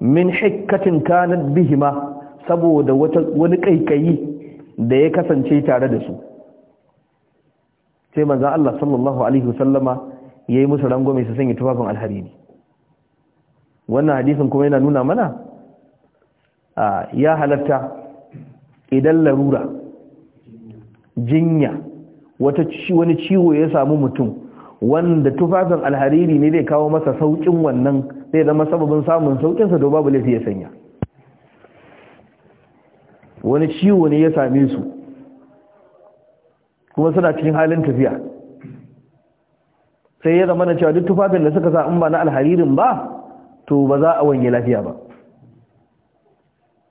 min hikkatin kanat bihima saboda wani kaikayi da ya kasance tare da su sai manzan Allah sallallahu alaihi wasallama ya yi musu rangwame su sanya tufafin alhariri wannan hadisin kuma yana nuna mana ya halatta idan larura jinya wani ciwo ya samu mutum wanda tufafin alhariri ne zai kawo masa saukin wannan zai zama sababin samun saukinsa to babu laifi ya sanya wani ciwo ne ya same su kuma suna cikin halin tafiya sai ya zama na cewa duk tufafin da suka sa in ba na alharirin ba to ba za a wanye lafiya ba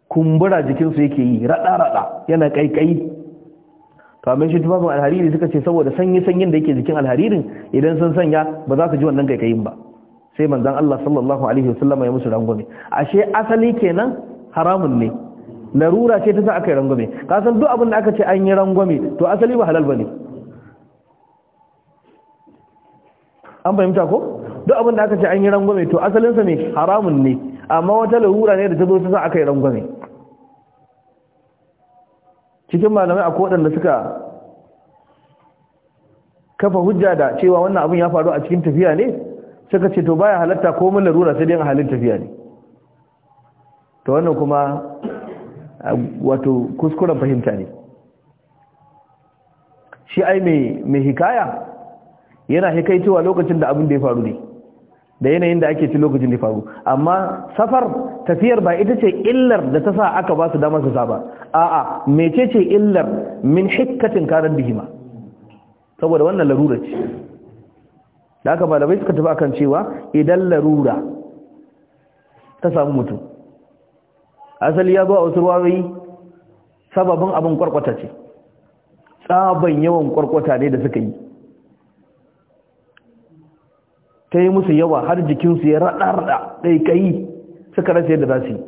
kumbura jikinsu yake yi raɗa-raɗa yana ƙaiƙayi to amma shi tufafin alhariri suka ce saboda sanyi-sanyin da yake jikin alharirin idan sun sanya ba za su ji wannan ƙaiƙayin ba sai manzan Allah sallallahu alaihi wasallama ya musu rangwame ashe asali kenan haramun ne larura ce ta sa aka yi rangwame kasan duk abin da aka ce an yi rangwame to asali ba halal ba ne an fahimta ko duk abin da aka ce an yi rangwame to asalinsa ne haramun ne amma wata larura ne da ta zo ta sa aka yi rangwame cikin malamai akwai da suka kafa hujja da cewa wannan abin ya faru a cikin tafiya ne suka ce to baya halatta ko mun larura sai dai halin tafiya ne to wannan kuma wato kuskuren fahimta ne shi ai mai hikaya yana hikaitowa lokacin da abin da ya faru ne da yanayin da ake ci lokacin da faru amma safar tafiyar ba ita ce illar da ta sa aka ba su damar su saba a'a ce illar min hikkatin karar bihima saboda wannan larura ce da aka malamai suka tafi akan cewa idan larura ta samu mutum asali ya zuwa wasu ruwayoyi sababin abin kwarkwata ce tsaban yawan kwarkwata ne da suka yi ta yi musu yawa har jikinsu ya raɗa-raɗa ɗaiƙayi suka rasa yadda za su yi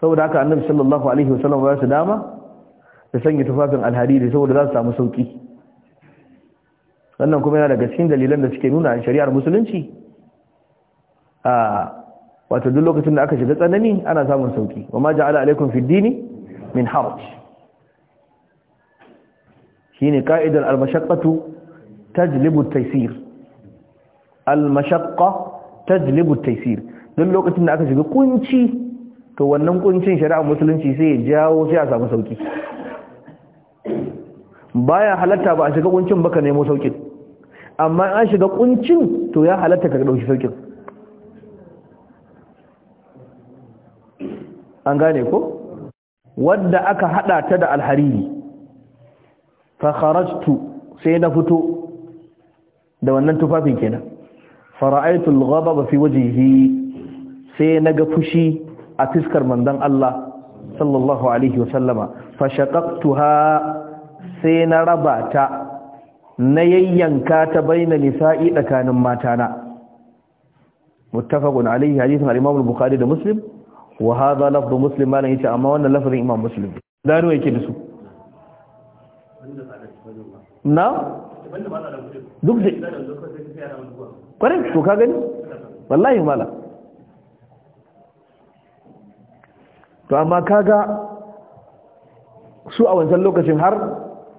saboda haka annabi sallallahu alaihi wasallam ba su dama da sanya tufafin alhariri saboda za su samu sauki wannan kuma yana daga cikin dalilan da suke nuna a shari'ar musulunci a ah, wato duk lokacin da aka shiga tsanani ana samun sauki wa ma ja'ala alaikum fi dini min haraj shine ka'idar al-mashaqqatu tajlibu at-taysir al-mashaqqa tajlibu at-taysir duk lokacin da aka shiga kunci to wannan kuncin shari'a musulunci sai ya jawo sai a samu sauki baya halatta ba a shiga kuncin baka nemo saukin amma an shiga kuncin to ya halatta ka dauki saukin an gane ko wadda aka hada ta da alhariri fa kharajtu sai na fito da wannan tufafin kenan fara'aitu al-ghadab fi wajhihi sai naga fushi a fiskar mandan Allah sallallahu alaihi wa sallama fa shaqaqtuha sai na raba ta na yayyanka ta baina nisa'i tsakanin matana muttafaqun alaihi hadithun al-imam al-bukhari da muslim wa hadha lafzu muslim malan yace amma wannan lafazin imam muslim da ruwa yake da su na duk da kwarin to ka gani wallahi mala to amma kaga su a wancan lokacin har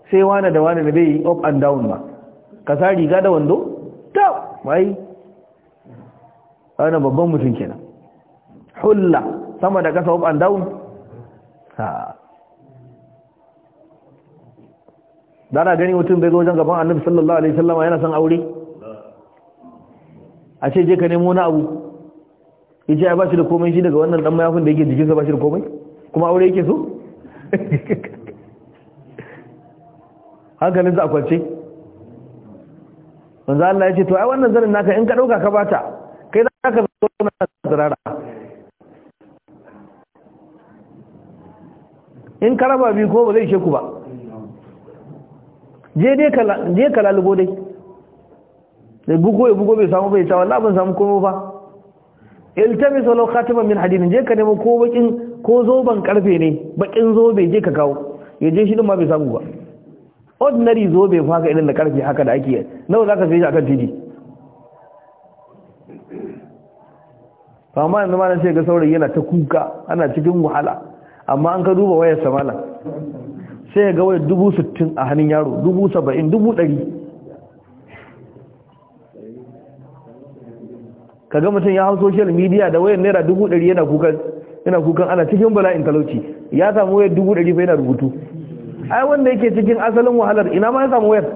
sai wani da wani da bai up and down ba ka sa riga da wando ta wai ana babban mutum kenan hulla sama da kasa up and down ha dana gani mutum bai zo wajen gaban annabi sallallahu alaihi wasallam yana son aure a ce je ka nemo na abu yace ya bashi da komai shi daga wannan dan mayafin da yake jikinsa bashi da komai kuma aure yake so hankalin za a kwance manzo Allah ya ce to ai wannan zanin naka in ka dauka ka bata kai za ka zo na zarara in ka raba biyu ko ba zai sheku ba je ka lalubo dai da bugo ya bugo bai samu bai ta wallah ban samu komo ba iltamis walau khatiman min hadidin je ka nemo ko bakin ko zoban karfe ne bakin zobe je ka kawo ya je shi din ma bai samu ba ordinary zobe fa haka irin da karfe haka da ake nawa ka sai shi akan titi amma yanzu ma na ce ga saurayi yana ta kuka ana cikin wahala amma an ka duba wayar samala sai ya ga wayar dubu sittin a hannun yaro dubu saba'in dubu ɗari ka ga mutum ya hau social media da wayar naira dubu ɗari yana kukan yana kukan ana cikin bala'in talauci ya samu wayar dubu ɗari fa yana rubutu ai wanda yake cikin asalin wahalar ina ma ya samu wayar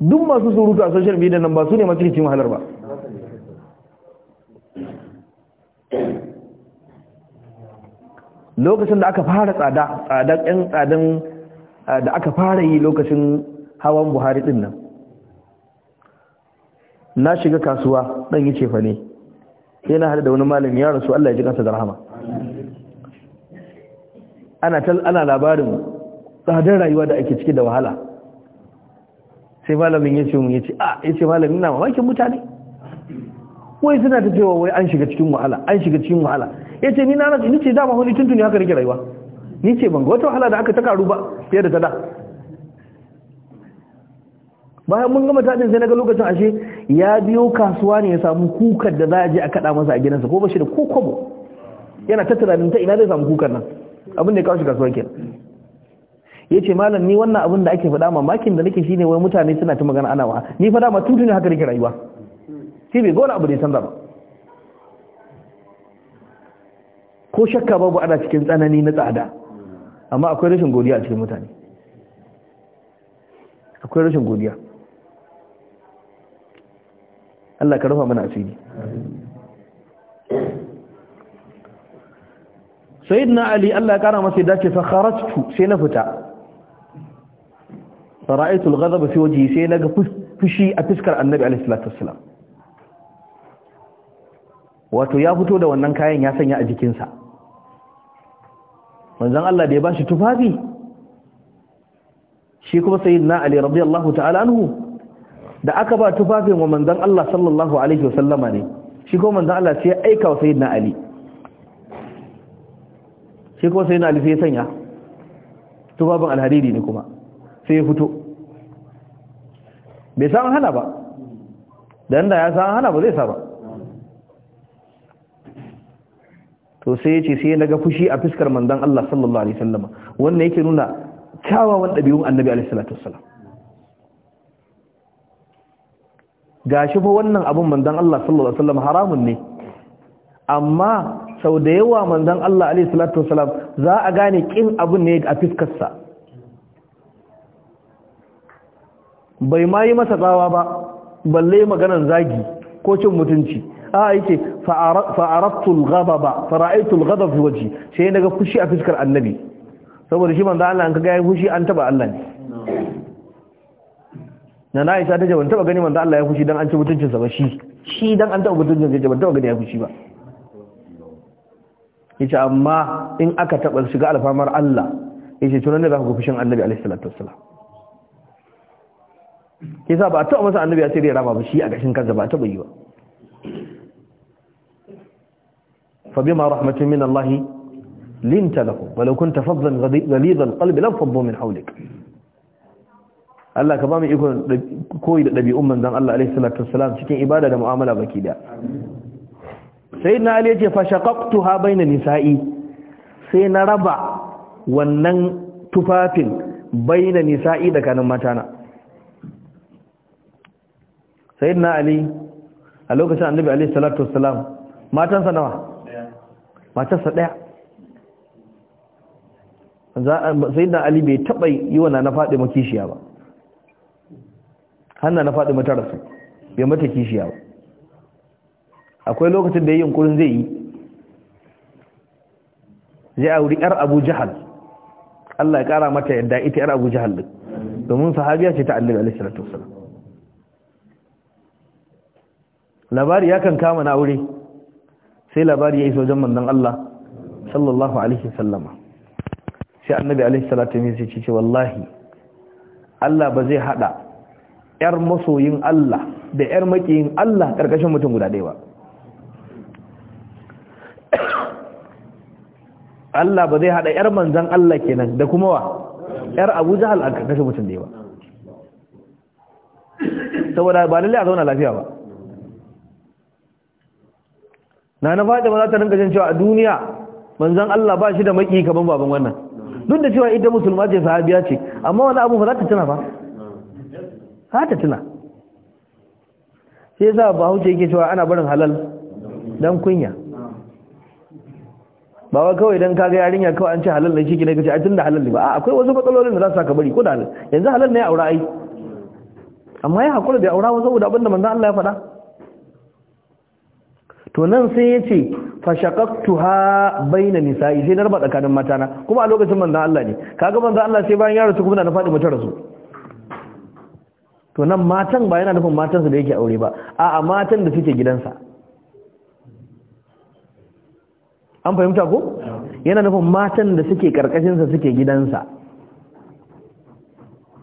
duk masu surutu a social media nan ba su ne masu cikin wahalar ba lokacin da aka fara tsada tsadan yan tsadan da aka fara yi lokacin hawan buhari din nan na shiga kasuwa dan yi cefa ne sai na hada da wani malami ya rasu Allah ya ji kansa da rahama ana ana labarin tsadar rayuwa da ake ciki da wahala sai malamin ya ce mun ya ce a ah, ya ce malamin na mamakin mutane wai suna ta cewa wai an shiga cikin wahala an shiga cikin wahala ya ce ni na ni ce dama wani tuntuni haka rike rayuwa ni ce ban ga wata wahala da aka ta karu ba fiye da ta da bayan mun gama tajin sai na ga lokacin ashe ya biyo kasuwa ne ya samu kukar da za a je a kada masa a gidansa ko ba shi da ko kwabo yana ta tunanin ta ina zai samu kukar nan abin da ya kawo shi kasuwa ke ya ce malam ni wannan abin da ake faɗa mamakin da nake shine wai mutane suna ta magana ana wa ni faɗa ma tuntuni haka rike rayuwa shi bai gona abu da ya canza ba ko shakka babu ana cikin tsanani na tsada amma akwai rashin godiya a cikin mutane akwai rashin godiya Allah ka rufa mana asiri sayyidina ali Allah ya kara masa ya dace fa kharajtu sai na fita fara'aitu al-ghadab fi wajhi sai naga fushi a fiskar annabi alaihi salatu wassalam wato ya fito da wannan kayan ya sanya a jikinsa Manzan Allah da ya bashi tufafi shi kuma sayyidina Ali radiyallahu ta'ala anhu da aka ba tufafin wa manzan Allah sallallahu alaihi wasallama ne shi kuma manzon Allah sai ya aika wa sayyidina Ali shi kuma sayyidina Ali sai ya sanya tufafin alhariri ne kuma sai ya fito bai san hana ba dan da ya san hana ba zai sa ba to sai ya ce sai naga fushi a fiskar manzon Allah sallallahu alaihi wasallam wannan yake nuna kyawawan dabi'un annabi alaihi salatu wasallam gashi fa wannan abun manzon Allah sallallahu alaihi wasallam haramun ne amma sau da yawa manzon Allah alaihi salatu wasallam za a gane kin abun ne a fiskar sa bai ma yi masa tsawa ba balle maganar zagi ko cin mutunci a fa fa'arabtu al-ghadaba fara'aytu al-ghadab fi wajhi sai naga fushi a fiskar annabi saboda shi manzo Allah an kaga yayi fushi an taba Allah ne na Aisha ta ce taba gani manzo Allah ya fushi dan an ci mutuncin sa ba shi shi dan an taba mutuncin sa jaban taba gani ya fushi ba yace amma in aka taba shiga alfamar Allah yace tunan da za ku fushin annabi alaihi salatu wassalam kisa ba a taba masa annabi ya sai da rama ba shi a gashin kansa ba ta taba yi ba فبما رحمة من الله لنت لهم ولو كنت فظا غليظ القلب لانفضوا من حولك Allah ka ba mu ikon koyi da ɗabi'un manzan Allah alaihi salatu wassalam cikin ibada da mu'amala baki da na ali yace fa ha baina nisa'i sai na raba wannan tufafin baina nisa'i da kanin matana na ali a lokacin annabi alaihi salatu wassalam matansa nawa matarsa ɗaya sai na ali bai taɓa yi wa na faɗi ma kishiya ba hannu na faɗi mata bai mata kishiya ba akwai lokacin da ya yi yunkurin zai yi zai auri yar abu jihal Allah ya ƙara mata yadda ita yar abu jihal ɗin domin sahabiya ce ta allin alaihissalatu wasalam labari ya kan kama na aure sai labari ya iso wajen manzon Allah sallallahu alaihi wasallama sai annabi alaihi salatu wasallam sai ce wallahi Allah ba zai hada yar masoyin Allah da yar makiyin Allah karkashin mutum guda ɗaya ba Allah ba zai hada yar manzon Allah kenan da kuma wa yar Abu Jahal a karkashin mutum ɗaya ba saboda ba lalle a zauna lafiya ba na na fada ba za ta rinka jin cewa a duniya manzon Allah ba shi da maki kaman baban wannan duk da cewa ita musulma ce sahabiya ce amma wani abu ba za ta tuna ba za ta tuna sai ba bahaushe yake cewa ana barin halal dan kunya ba wa kawai dan kaga yarinya kawai an ce halal ne shi ne kace a tunda halal ne ba a akwai wasu matsalolin da za su saka bari ko da yanzu halal ne aura ai amma ya hakura da aura wasu da abinda manzon Allah ya faɗa to nan sai ya ce fashaqaqtuha baina nisa'i sai na raba tsakanin matana kuma a lokacin manzon Allah ne kaga manzon Allah sai bayan ya rasu kuma na faɗi mutar rasu to nan matan ba yana nufin matansa da yake aure ba a matan da suke gidansa an fahimta ko yana nufin matan da suke karkashinsa suke gidansa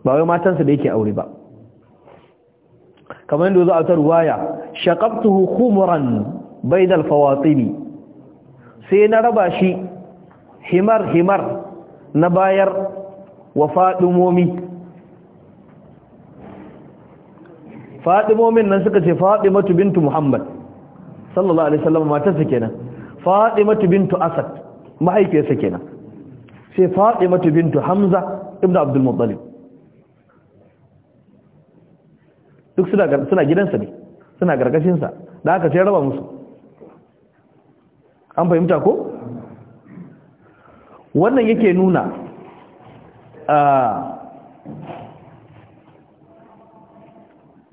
ba wai matansa da yake aure ba kamar yadda zo a ta ruwaya shaqabtuhu khumran bainal fawatini sai na raba shi himar himar na bayar wa fadumomi fadumomin nan suka ce fadimatu bintu muhammad sallallahu alaihi wasallam matarsa kenan fadimatu bintu asad mahaifiyarsa kenan sai fadimatu bintu hamza ibnu abdul muttalib duk suna gidansa ne suna gargashinsa da aka sai raba musu an fahimta ko wannan yake nuna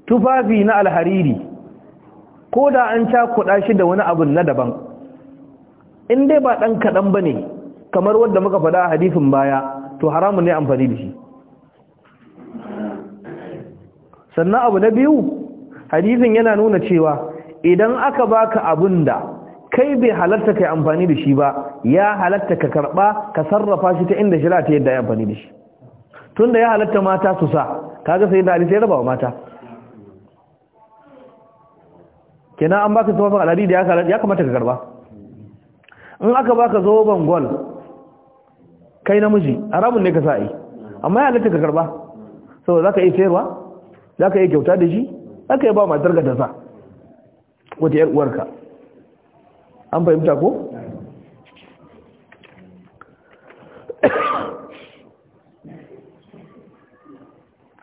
tufafi na alhariri ko da an cakuɗa shi da wani abu na daban in dai ba ɗan kaɗan ba ne kamar wadda muka faɗa a hadifin baya to haramun ne amfani da shi sannan abu na biyu hadifin yana nuna cewa idan aka baka abun da kai bai halatta kai amfani da shi ba ya halatta ka karba ka sarrafa shi ta inda shari'a ta yadda ya amfani da shi tunda ya halatta mata su sa kaga sai da alisa ya raba wa mata kenan an baka tufafin aladi da ya kamata ka karba in aka baka zoben gol kai namiji haramun ne ka sa'i amma ya halatta ka karba saboda zaka yi sayarwa zaka yi kyauta da shi zaka yi ba matar ka sa wata yar uwarka an fahimta ko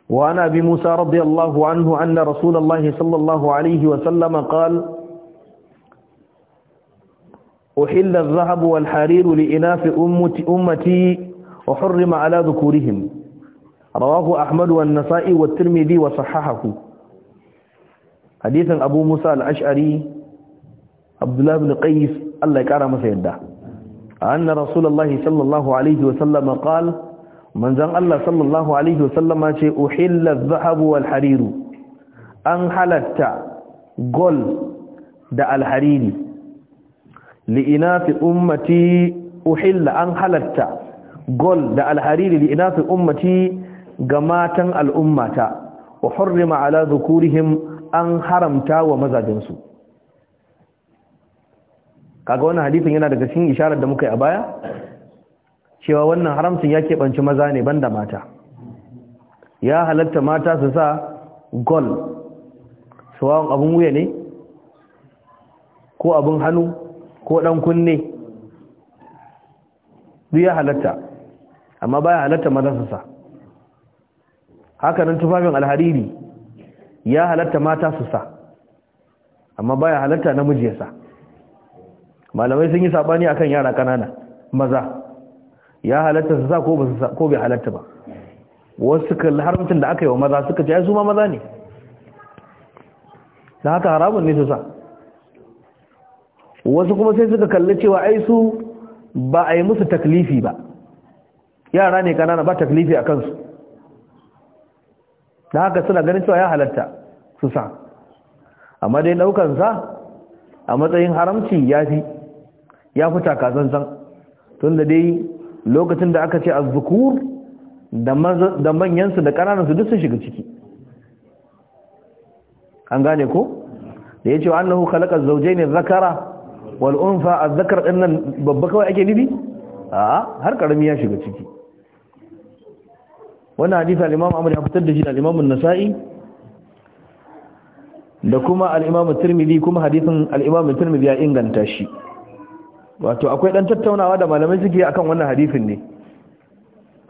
وعن أبي موسى رضي الله عنه أن رسول الله صلى الله عليه وسلم قال أحل الذهب والحرير لإناث أمتي وحرم على ذكورهم رواه أحمد والنسائي والترمذي وصححه حديث أبو موسى الأشعري abdullahi bin qais Allah ya kara masa yadda anna rasulullahi sallallahu alaihi wa sallama qala manzon Allah sallallahu alaihi wa sallama ce uhilla adh-dhahab wal harir an halatta gol da al-hariri li inafi ummati uhilla an halatta gol da al-hariri li inafi ummati ga matan al'ummata wa hurrima ala dhukurihim an haramta wa mazajinsu kaga wannan hadisin yana daga cikin isharar da muka yi a baya cewa wannan haramcin ya keɓanci maza ne banda mata ya halatta mata su sa gol suwawan abin wuya ne ko abin hannu ko ɗan kunne duk ya halatta amma baya halatta maza su sa hakanan tufafin alhariri ya halatta mata su sa amma baya halatta namiji ya sa malamai sun yi sabani akan yara kanana maza ya halatta su sa ko ba su sa ko bai halatta ba wasu suka haramcin da aka yi wa maza suka ce su ma maza ne da haka haramun ne su sa wasu kuma sai suka kalli cewa ai su ba a yi musu taklifi ba yara ne kanana ba taklifi a kansu da haka suna ganin cewa ya halatta su sa amma dai daukansa a matsayin haramci ya fi ya fi takasansan tun da dai lokacin da aka ce a zukur da manyansu da ƙananansu duk sun shiga ciki an gane ko da ya ce wa annahu khalaqa zawjayn zakara wal unfa az-zakar din nan babba kawai ake nibi a har karami ya shiga ciki wannan hadisi al-Imam Ahmad ya fitar da shi da Imam An-Nasa'i da kuma al-Imam Tirmidhi kuma hadisin al-Imam Tirmidhi ya inganta shi wato akwai dan tattaunawa da malamai suke akan wannan hadisin ne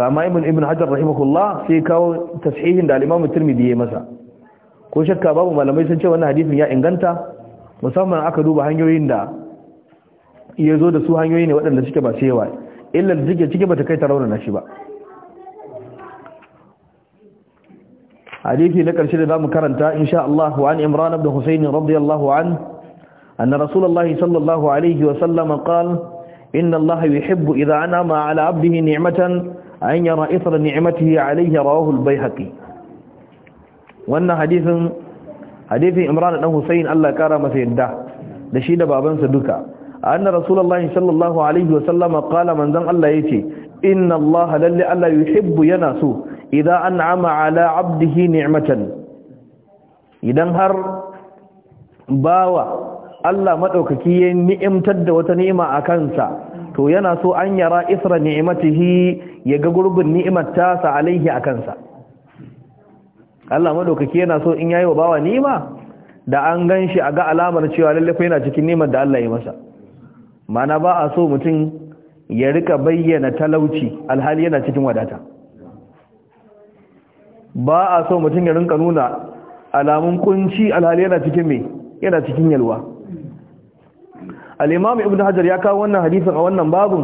amma ibn ibn hajar rahimahullah sai kawo tashihin da al-imam tirmidhi masa ko shakka babu malamai sun ce wannan hadisin ya inganta musamman aka duba hanyoyin da yazo zo da su hanyoyi ne waɗanda suke ba sai yawa illar da cike bata kai ta raunana shi ba hadisi na karshe da zamu karanta insha Allah wa an Imran ibn Husayn radiyallahu anhu أن رسول الله صلى الله عليه وسلم قال إن الله يحب إذا أنعم على عبده نعمة أن يرى إثر نعمته عليه رواه البيهقي وأن حديث حديث إمران بن حسين الله كرم سيده da shi da babansa duka anna rasulullahi sallallahu alaihi wa sallama qala manzon Allah yace inna Allah lalli Allah yuhibbu yana so idan an'ama ala abdihi ni'matan idan har bawa Allah maɗaukaki ya ni'imtar da wata ni'ima a kansa to yana so an yara isra ni'imatihi ya ga gurbin ni'imar ta sa alaihi a kansa Allah madaukaki yana so in yayi wa bawa ni'ima da an shi a ga alamar cewa lalle yana cikin ni'imar da Allah ya masa mana ba a so mutum ya rika bayyana talauci alhali yana cikin wadata ba a so mutum ya rinka nuna alamun kunci alhali yana cikin me yana cikin yalwa al-imam ibnu hajar ya kawo wannan hadisin a wannan babun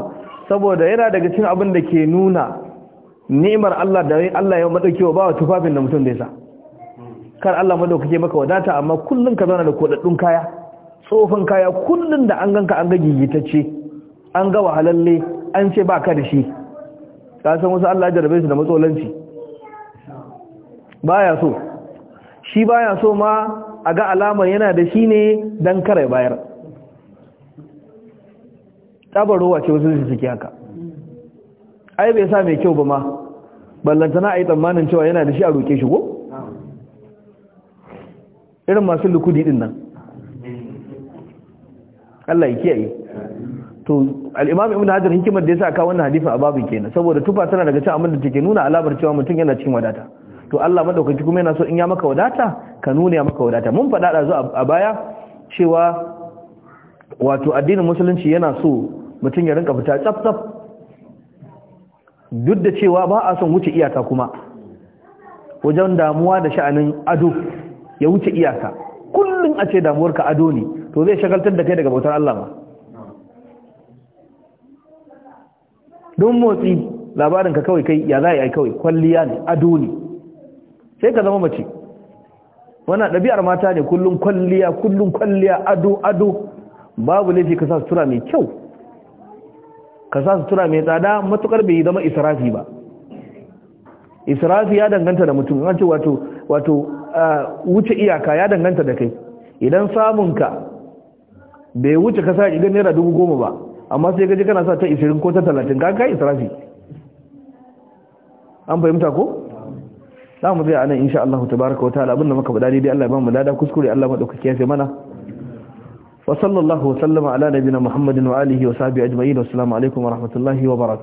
saboda yana daga cikin abin da ke nuna ni'imar Allah da Allah ya madauke wa bawa tufafin da mutum da yasa kar Allah madaukake maka wadata amma kullun ka zauna da kodaddun kaya tsofin kaya kullun da an ganka an ga gigitacce an ga wahalalle an ce baka da shi ka san wasu Allah ya jarabe su da matsolanci baya so shi baya so ma a ga alamar yana da shi ne don kare bayar tabarowa ce wasu su suke haka ai bai sa mai kyau ba ma ballantana a yi tsammanin cewa yana da shi a roƙe shi ko irin masu lukudi din nan Allah ya kiyaye to al-imam ibn hajar hikimar da sa ka wannan hadisin a babu kenan saboda tufa tana daga cikin abinda take nuna alamar cewa mutum yana cikin wadata to Allah madaukaki kuma yana so in ya maka wadata ka nuna ya maka wadata mun faɗa da zuwa a baya cewa wato addinin musulunci yana so mutum ya rinka fita tsaf tsaf duk da cewa ba a son wuce iyaka kuma wajen damuwa da sha'anin ado ya wuce iyaka kullum a ce damuwarka ado ne to zai shagaltar da kai daga bautar Allah ba don motsi labarinka kawai kai ya za a yi kawai kwalliya ne ado ne sai ka zama mace wannan ɗabi'ar mata ne kullum kwalliya kullum kwalliya ado ado babu laifi ka sa sutura mai kyau ka sa sutura mai tsada matukar bai zama israfi ba israfi ya danganta da mutum an ce wato wato wuce iyaka ya danganta da kai idan samun ka bai wuce ka sa idan naira dubu goma ba amma sai gaji kana sa ta isirin ko ta talatin ka kai israfi an fahimta ko za mu zai nan insha Allah baraka wata ta'ala da muka faɗa dai Allah ya ba mu dada kuskure Allah madaukaki ya sai mana wa sallallahu wa sallama ala nabiyina muhammadin wa alihi wa sahbihi ajma'in assalamu alaikum wa rahmatullahi wa barakatuh